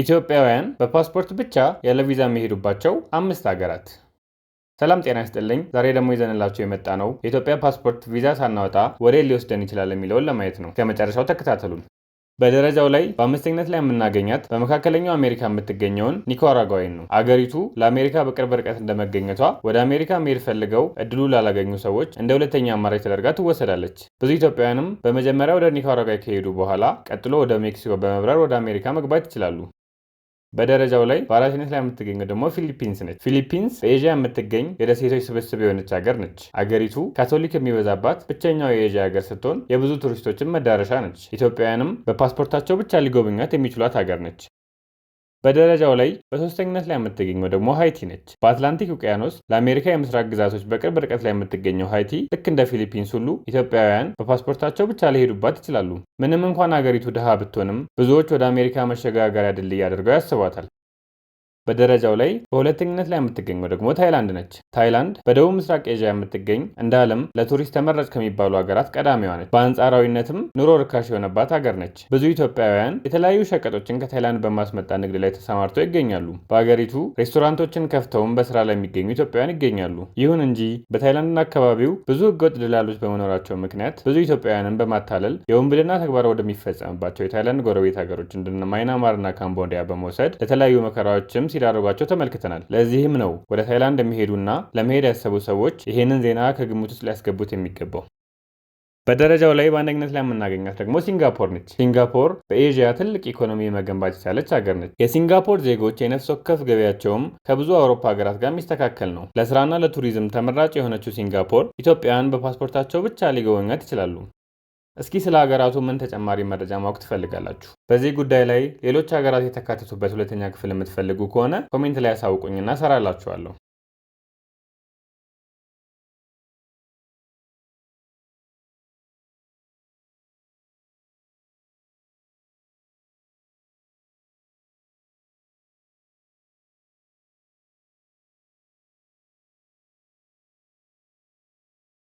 ኢትዮጵያውያን በፓስፖርት ብቻ ያለ ቪዛ የሚሄዱባቸው አምስት ሀገራት። ሰላም ጤና ይስጥልኝ። ዛሬ ደግሞ ይዘንላቸው የመጣ ነው የኢትዮጵያ ፓስፖርት ቪዛ ሳናወጣ ወዴት ሊወስደን ይችላል የሚለውን ለማየት ነው። ከመጨረሻው ተከታተሉን። በደረጃው ላይ በአምስተኝነት ላይ የምናገኛት በመካከለኛው አሜሪካ የምትገኘውን ኒካራጓይን ነው። አገሪቱ ለአሜሪካ በቅርብ ርቀት እንደመገኘቷ ወደ አሜሪካ መሄድ ፈልገው እድሉ ላላገኙ ሰዎች እንደ ሁለተኛ አማራጭ ተደርጋ ትወሰዳለች። ብዙ ኢትዮጵያውያንም በመጀመሪያ ወደ ኒካራጓይ ከሄዱ በኋላ ቀጥሎ ወደ ሜክሲኮ በመብረር ወደ አሜሪካ መግባት ይችላሉ። በደረጃው ላይ በአራተኝነት ላይ የምትገኘው ደግሞ ፊሊፒንስ ነች። ፊሊፒንስ በኤዥያ የምትገኝ የደሴቶች ስብስብ የሆነች ሀገር ነች። አገሪቱ ካቶሊክ የሚበዛባት ብቸኛው የኤዥያ ሀገር ስትሆን የብዙ ቱሪስቶችን መዳረሻ ነች። ኢትዮጵያውያንም በፓስፖርታቸው ብቻ ሊጎበኟት የሚችሏት ሀገር ነች። በደረጃው ላይ በሶስተኝነት ላይ የምትገኘው ደግሞ ሀይቲ ነች። በአትላንቲክ ውቅያኖስ ለአሜሪካ የምስራቅ ግዛቶች በቅርብ ርቀት ላይ የምትገኘው ሀይቲ ልክ እንደ ፊሊፒንስ ሁሉ ኢትዮጵያውያን በፓስፖርታቸው ብቻ ሊሄዱባት ይችላሉ። ምንም እንኳን አገሪቱ ድሃ ብትሆንም ብዙዎች ወደ አሜሪካ መሸጋገሪያ ድልድይ አድርገው ያስቧታል። በደረጃው ላይ በሁለተኝነት ላይ የምትገኘው ደግሞ ታይላንድ ነች። ታይላንድ በደቡብ ምስራቅ ኤዥያ የምትገኝ እንደ ዓለም ለቱሪስት ተመራጭ ከሚባሉ ሀገራት ቀዳሚዋ ነች። በአንጻራዊነትም ኑሮ ርካሽ የሆነባት ሀገር ነች። ብዙ ኢትዮጵያውያን የተለያዩ ሸቀጦችን ከታይላንድ በማስመጣ ንግድ ላይ ተሰማርተው ይገኛሉ። በሀገሪቱ ሬስቶራንቶችን ከፍተውም በስራ ላይ የሚገኙ ኢትዮጵያውያን ይገኛሉ። ይሁን እንጂ በታይላንድና አካባቢው ብዙ ህገወጥ ደላሎች በመኖራቸው ምክንያት ብዙ ኢትዮጵያውያንን በማታለል የወንብድና ተግባር ወደሚፈጸምባቸው የታይላንድ ጎረቤት ሀገሮች እንደ ማይናማርና ካምቦዲያ በመውሰድ ለተለያዩ መከራዎችም ሲዳረጓቸው ተመልክተናል። ለዚህም ነው ወደ ታይላንድ የሚሄዱና ለመሄድ ያሰቡ ሰዎች ይህንን ዜና ከግምት ውስጥ ሊያስገቡት የሚገባው። በደረጃው ላይ በአንደኝነት ላይ የምናገኛት ደግሞ ሲንጋፖር ነች። ሲንጋፖር በኤዥያ ትልቅ ኢኮኖሚ መገንባት የቻለች ሀገር ነች። የሲንጋፖር ዜጎች የነፍስ ወከፍ ገበያቸውም ከብዙ አውሮፓ ሀገራት ጋር የሚስተካከል ነው። ለስራና ለቱሪዝም ተመራጭ የሆነችው ሲንጋፖር ኢትዮጵያን በፓስፖርታቸው ብቻ ሊጎበኛት ይችላሉ። እስኪ ስለ ሀገራቱ ምን ተጨማሪ መረጃ ማወቅ ትፈልጋላችሁ? በዚህ ጉዳይ ላይ ሌሎች ሀገራት የተካተቱበት ሁለተኛ ክፍል የምትፈልጉ ከሆነ ኮሜንት ላይ ያሳውቁኝና ሰራላችኋለሁ።